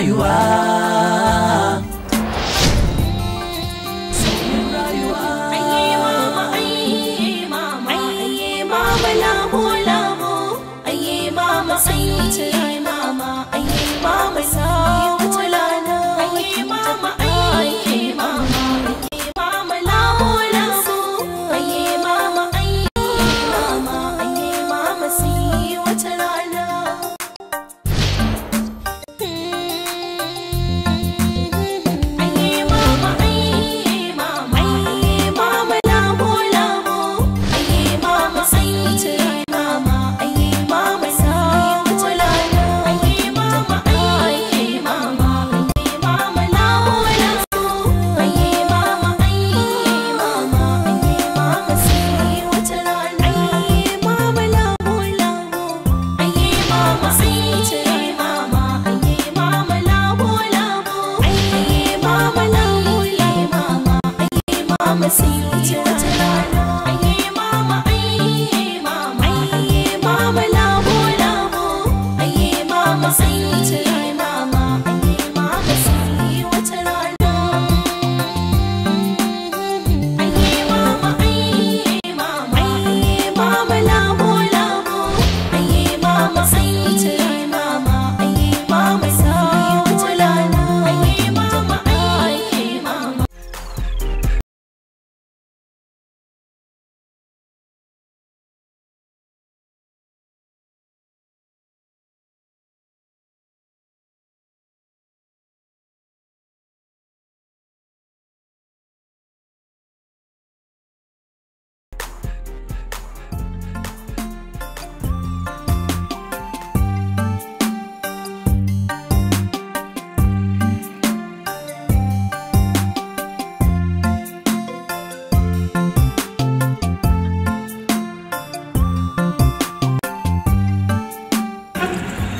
you are.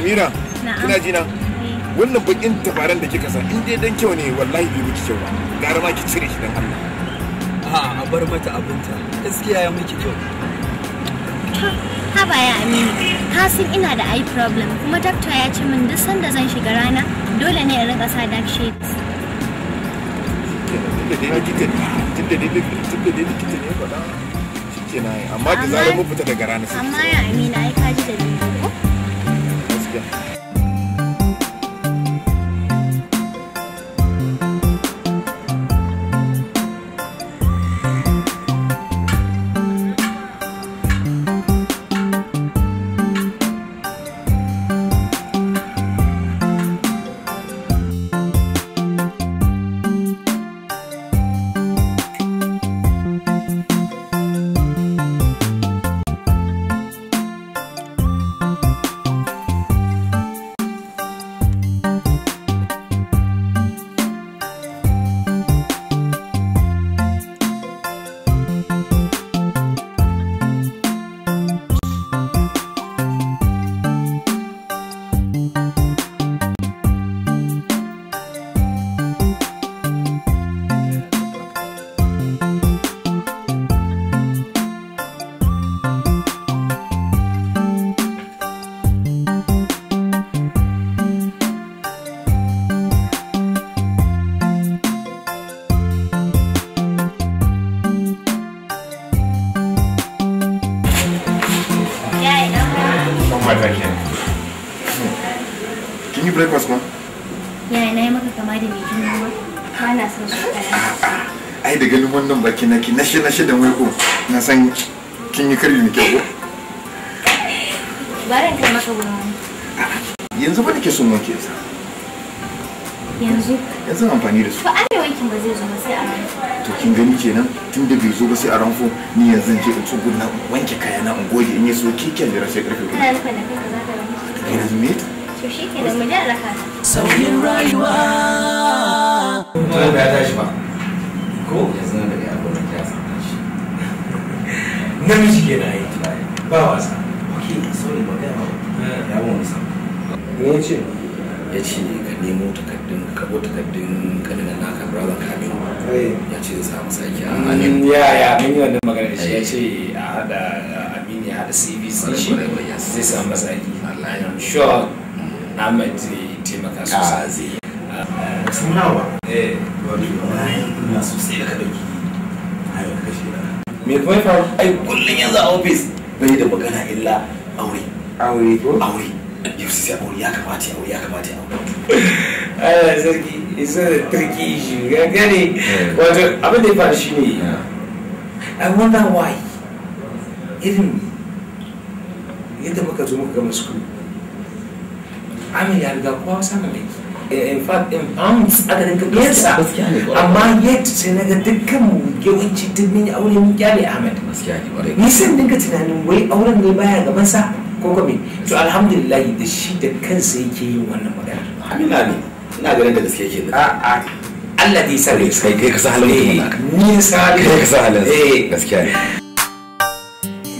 Amira, kina jina eh. Wannan bakin tabaran da kika san in dai dan kyau ne wallahi bai miki kyau ba. Gara ma ki cire shi dan Allah. A a bar mata abinta. Gaskiya ya miki kyau. Ha baya ya Aminu, ka san ina da eye problem kuma doctor ya ce min duk sanda zan shiga rana dole ne in rika sa dark shades. amma Amma ya Amina, ai ka ji da ni. Thank you. na shi na shi da mulku na san kin yi karbi mai kyau barin kai maka wani yanzu ba nake son wanke sa yanzu yanzu amfani da su ba ai wankin ba zai zo ba sai a ranfo to kin gani kenan tun da bai zo ba sai a ranfo ni yanzu je in tsugu na wanke kaya na in goge in yi so keken da rashin karfe ina kai za zume ta mu raka sauyin rayuwa to ba ya tashi ba ko yanzu na da ya namiji ke na yi ba wasa ok sorry ba gaya ba eh. ya wani samu ne ya ce ya ce ka nemo takardun ka ko takardun kanin na ka brother kamin eh. ya ce za samu sake a mm, hannun ya ya mun yi wannan magana shi ya eh. ce a hada amin ya hada cv sai shi zai samu sake Allah ya na Ahmed zai taimaka ah. sosai zai sunawa eh wallahi ina sosai da ka dauki ayo ka shi da me kuma ya faru ai kullum yanzu a ofis bai da magana illa aure aure ko aure yau sai aure ya kamata ya aure ya kamata ya aure Allah sarki isa da turki shi gane eh. wato abin da ya faru shine eh. I wonder why irin yadda muka zo muka gama school Amin ya riga kowa samun Eh, in pounds adadin kudinsa amma yet sai na ga dukkan yawanci duk mun yi aure mun kyale Ahmed ni san dinga tunanin wai auren ne baya gaban sa ko ko me to alhamdulillah da shi da kansa yake yin wannan magana amina ne ina ganin da gaske yake a a Allah dai sa rai sai kai ka eh, sa halin ka ni sa kai ka sa halin eh gaskiya ne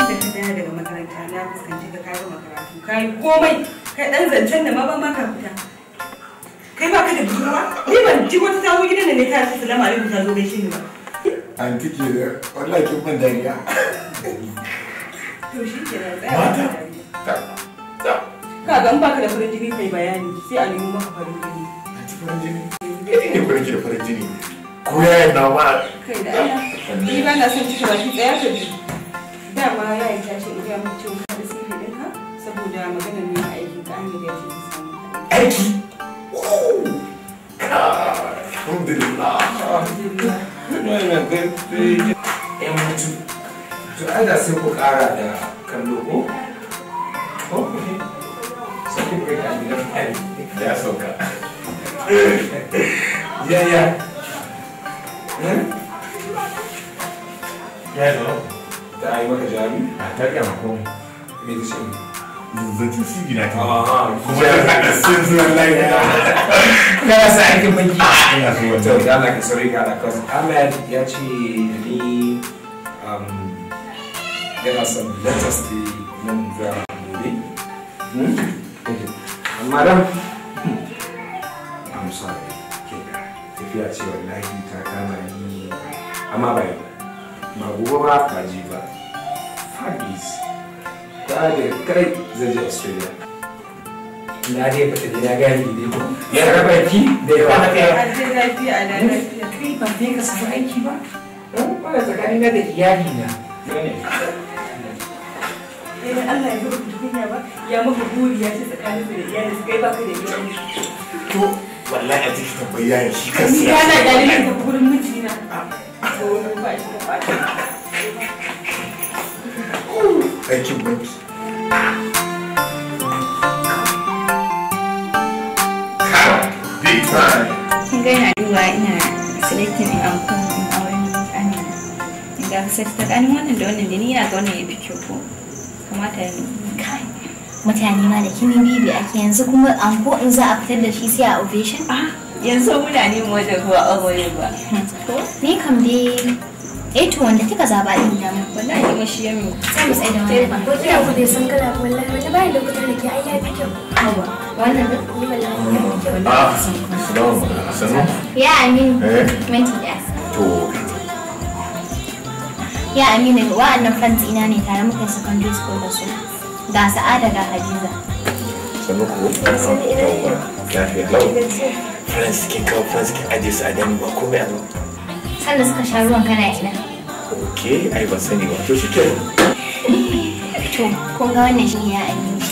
daga makaranta na fuskanci ka kai makaranta kai komai kai dan zancen da ma ba ma fita kai ba ka da budurwa ni ban ji wata ta gidan da ne ta ce salamu alaikum ta zo gaishe ba an kike da kin ban dariya to shi ke da ka ga da farin jini kai bayani sai a nemo maka farin jini a ci farin jini ne ne farin jini farin jini ko ya yi nawa kai da ni ba na son ci baki tsaya ka ji dama ya yi tashi in ga mutum ka da sirri saboda maganar ne a aikin ka an da ya ce aiki Alhamdulillah. Wannan gaske. Ya mutu. To ai da sai ku da kallo ko? Ko Ya A ta kyan ko. zancen shi gina ta kuma da ka sun zuwa lafiya kana sa ake maki ina so wata da Allah ka sauri ga Allah cause Ahmed ya ce ni um yana son let us be mun ga gobe madam I'm sorry ke tafiya ce wallahi ta kama ni amma bai ba gobe ba ka ji ba fabulous kadar kai zai je australia na dai da ya dai ko ya raba ki da yawa lafiya da lafiya kai ba ka samu aiki ba dan ba tsakanin da iyali na eh Allah ya ba ya buri ya ce tsakanin da iyali kai ba ka da to wallahi a shi kansa dalilin da gurin mijina ah. ba shi aikin banki Kin ga duba ina in auren wannan da wannan ni ina kai. Mutane ma da kini bibi ake yanzu kuma anko in za a fitar da shi sai a ovation? yanzu muna mu wajen ruwa aure ba. Ni kam dai eh to wanda kika zaba din da mu wallahi mashi yami sai mu da wannan ko kina ku san kala wallahi wata bayan lokutan da ke Ya Aminu, minti ɗaya. Ya Aminu, wa'annan fanti ina ne tare muka secondary school da su. Ga Sa'ada ga Hadiza. Sannu ko? Lafiya lau. kawo friends kin aje su a dan ba komai a Sanda suka sha ruwan kana ina. Ok, ai ban sani ba. To shi ke. To, kun ga wannan shi ya Aminu.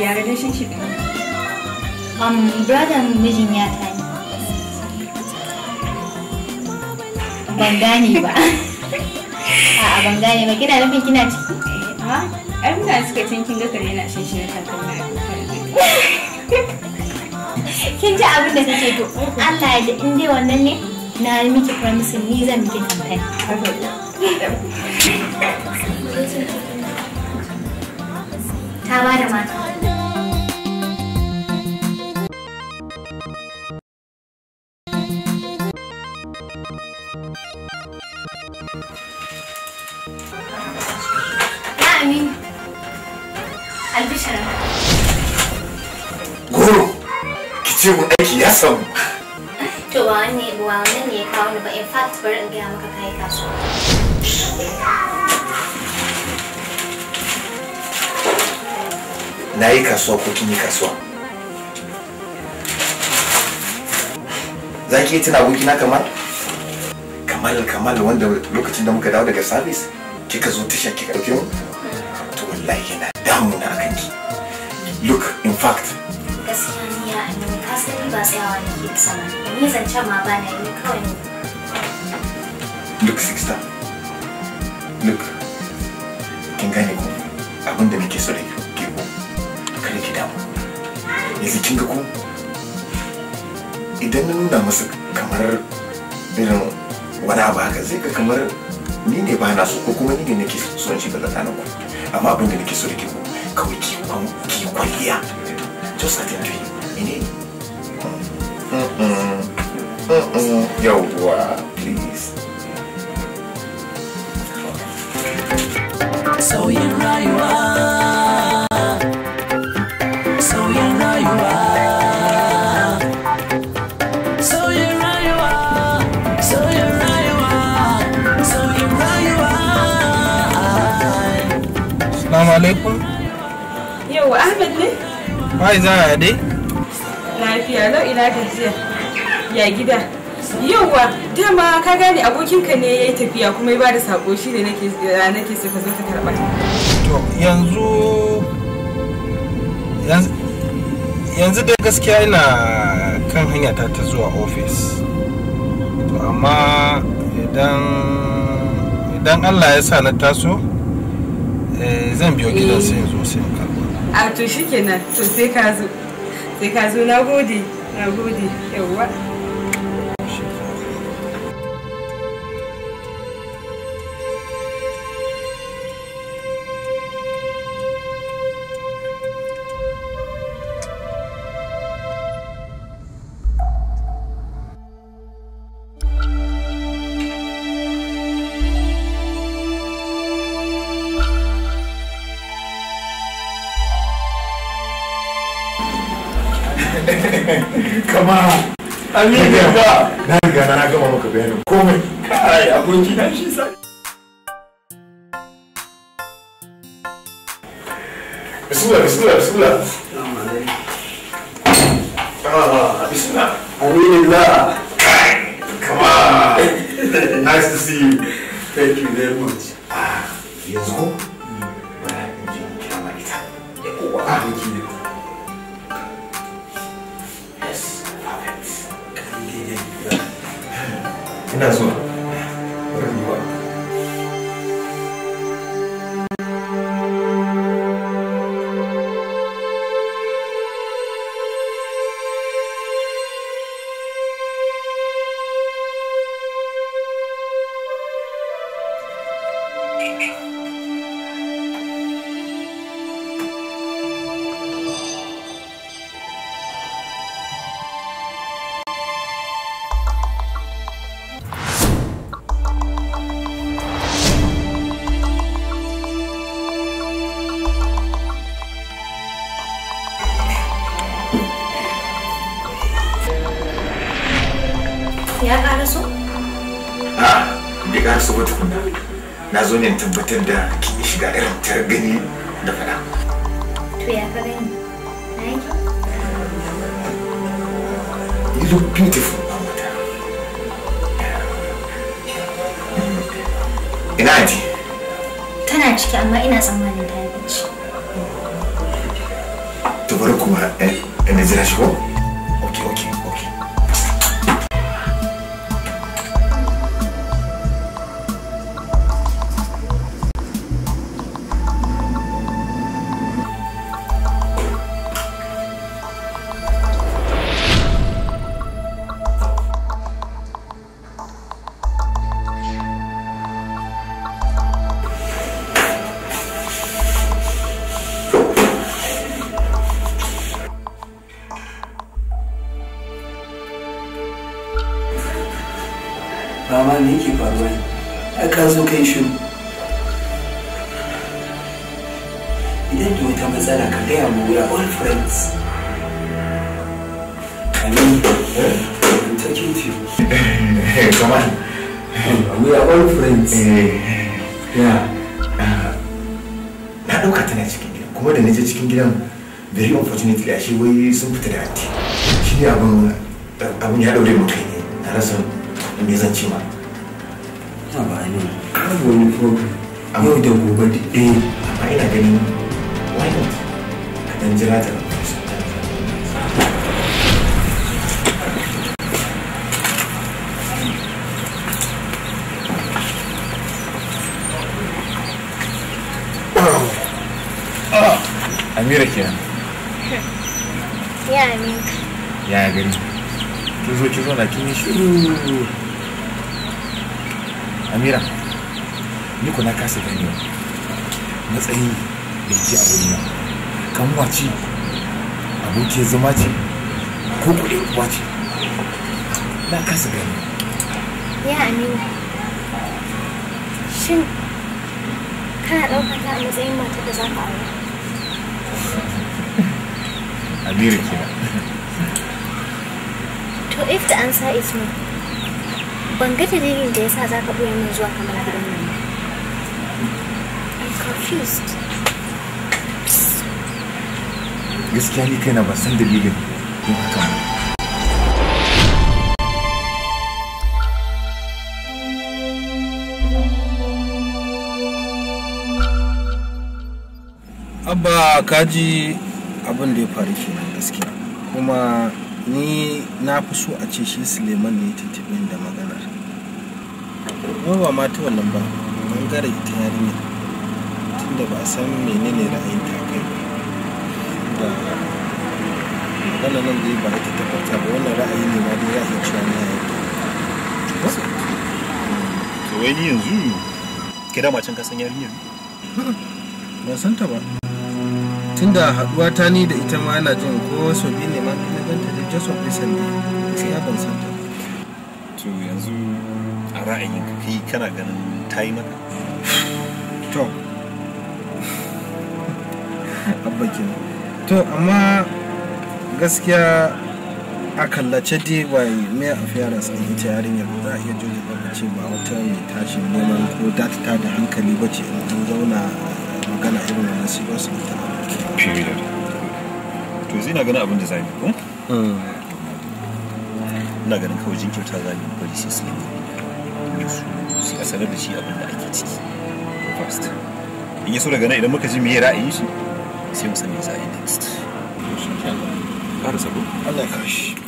ya relationship ne um brother mijin ya ba a'a ba kina nufin kina ciki ha ai muna suka na shan na takalma kin ji abin da kake to Allah ya ji in dai wannan ne na miki promising zan miki campaign ta ba da mata Goro, ki ce mun aiki ya samu. To ba wani ne ba wani ne ya kawo ni ba in fact bari in gaya maka kai kasuwa. na yi kasuwa ko kin yi kasuwa za ki tuna kamal kamal kamal wanda lokacin da muka dawo daga sabis kika zo tasha kika dauke mu to wallahi yana na akan ki look in fact look sister. look kin gane Abunda abinda nake so da yanzu kin ga ko idan na nuna masa kamar irin wani abu haka zai ga kamar ni ne ba na so ko kuma ni ne nake son shi ga tsakanin ku amma abin da nake so da ke ku kawai ki ki kwalliya just like you ine yawwa please sauyin rayuwa alaikum. Yau Ahmed ne? Bai za a dai? Lafiya lau ina gajiya. Ya gida. Yauwa dama ka gane abokinka ne ya yi tafiya kuma ya bada sako shi ne nake eh, nake so ka zo ka karɓa. To yanzu yanzu dai gaskiya ina kan hanya ta ta zuwa ofis. To amma idan idan Allah ya sa na taso Eh, zan biyo gidan sai zo sai in a to kenan to sai ka zo sai ka zo na gode na gode yawwa amini ba na riga na gama maka bayanin komai kai aboki na shi sa bismillah bismillah bismillah ah bismillah aminillah come on nice to see you thank you very much ah yanzu hmm. ba na jin kama ita ya kowa aboki ne na zona. ya ƙara so? A, bai ƙara so wata kuna. Na zo ne tabbatar da kin shiga irin ta gani da faɗa. To ya ka gani? Na yi kyau? You look beautiful. Ina aji? Tana ciki amma ina tsammanin ta yi bacci. To bari kuma, eh, ina eh, jira shi ko? yanzu location. You didn't do it, we are all friends I mean, I'm touching you. Eh, come on. We are all friends. Eh, eh. Yeah. Na ɗauka tana cikin gidan, kuma da na je cikin gidan very unfortunately ashe wai sun fita da anti. Shi ne abin ya ɗaure mun kai ne, na rasa me zan ce ma. ta ba ne babu wani problem a yau da gobe duk ɗaya amma ina ganin why not a dan jira ta Amira kenan. Ya Amira. Ya gani. Kin zo kin zo na kin shiru. amira ni na kasa ganewa matsayi da ke a wurina kamuwa ce abokiyar zama ce ko kuɗi kuwa ce na kasa gani ya amina shin kana ɗaukar ta a matsayin mata da za ka aure amira kina. to if the answer is no ban ga dalilin da yasa za ka buya min zuwa kamar gidan nan Gaskiya ni kaina ba san dalilin yin hakan ba. abba kaji abin da ya faru kenan gaskiya kuma ni na fi so a ce shi suleiman ne tuntuɓin da maka kuma ba ma ta wannan ba bangare ita yarinya tunda ba san menene ra'ayin ta kai ba da magana nan zai ba ita tabbata ba wannan ra'ayi ne ma dai ra'ayin cewa ne ya ta wai ni yanzu ke da macen kasan yarinyar ba san ta ba tunda haduwa ta ni da ita ma ana jin ko so biyu ne ma na ganta da just of ne sai ya ban san ta to yanzu ra'ayin ka kai kana ganin ta yi maka to abokin to amma gaskiya a kallace dai bai mai afiyarsa ta ita yarinyar za a iya jure ba ce ba wata mai tashin neman ko datata ta da hankali ba ce in an zauna magana irin wannan su ba su ta to na gani abin da zai ko mm. ina ganin kawai jinkirta zai bari sai su da su a sanar da shi abin da ake ciki first in ya so daga nan idan muka ji meye ra'ayin shi sai mu san za a yi next Allah ya kashi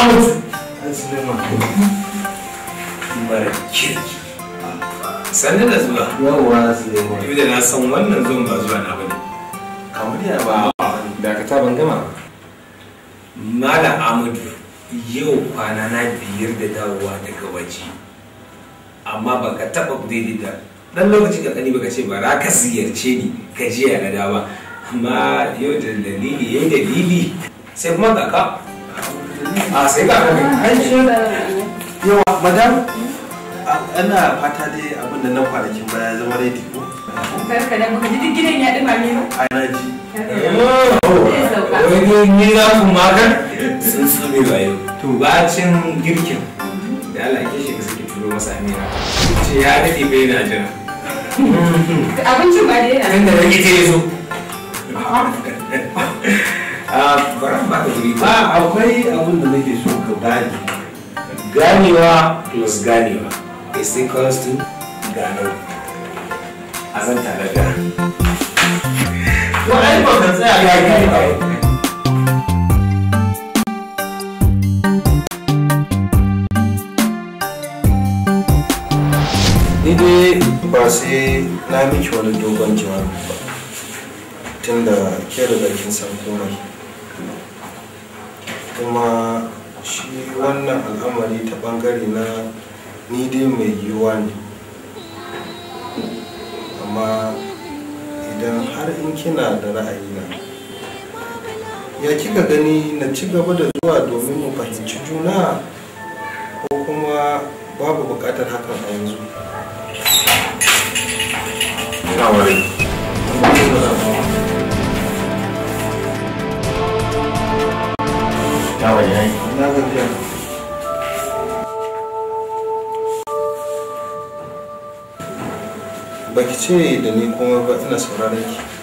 Ahmad. Ai zuwa. Yawwa na san wannan zuwan ba zuwa na bane. Kamar ya ba. Dakata ban gama. Malam Amadu yau kwana na biyar da dawowa daga waje. Amma baka taɓa daidai da dan lokaci kankani baka ce ba ra ka ziyarce ni ka je ya na dawa yau da dalili yayi dalili sai kuma kaka a ah, sai ka kai yawa madam ana fata dai abin da na kwanakin baya zama daidai ko karka da ji gidan ya dima ne ba a na ji oh, sun tsumi ba yau to bacin girkin da Allah ke shi suke turo masa amina ce ya dade bai na jira abincin ba dai na inda rage ce zo baran ba ka jiri ba akwai abin da nake so ka Gani ganewa plus ganewa is equals to gano a zan tare da to ai ba ka tsaya ya gane ba ni dai ba sai na miki wani dogon jawabi ba tunda ke da kin san komai kuma shi wannan al'amari ta bangare na ni dai mai yiwuwa ne amma idan har in kina da na. ya kika gani na ci gaba da zuwa domin mu fahimci juna ce da ni kuma ba ina sauraron ki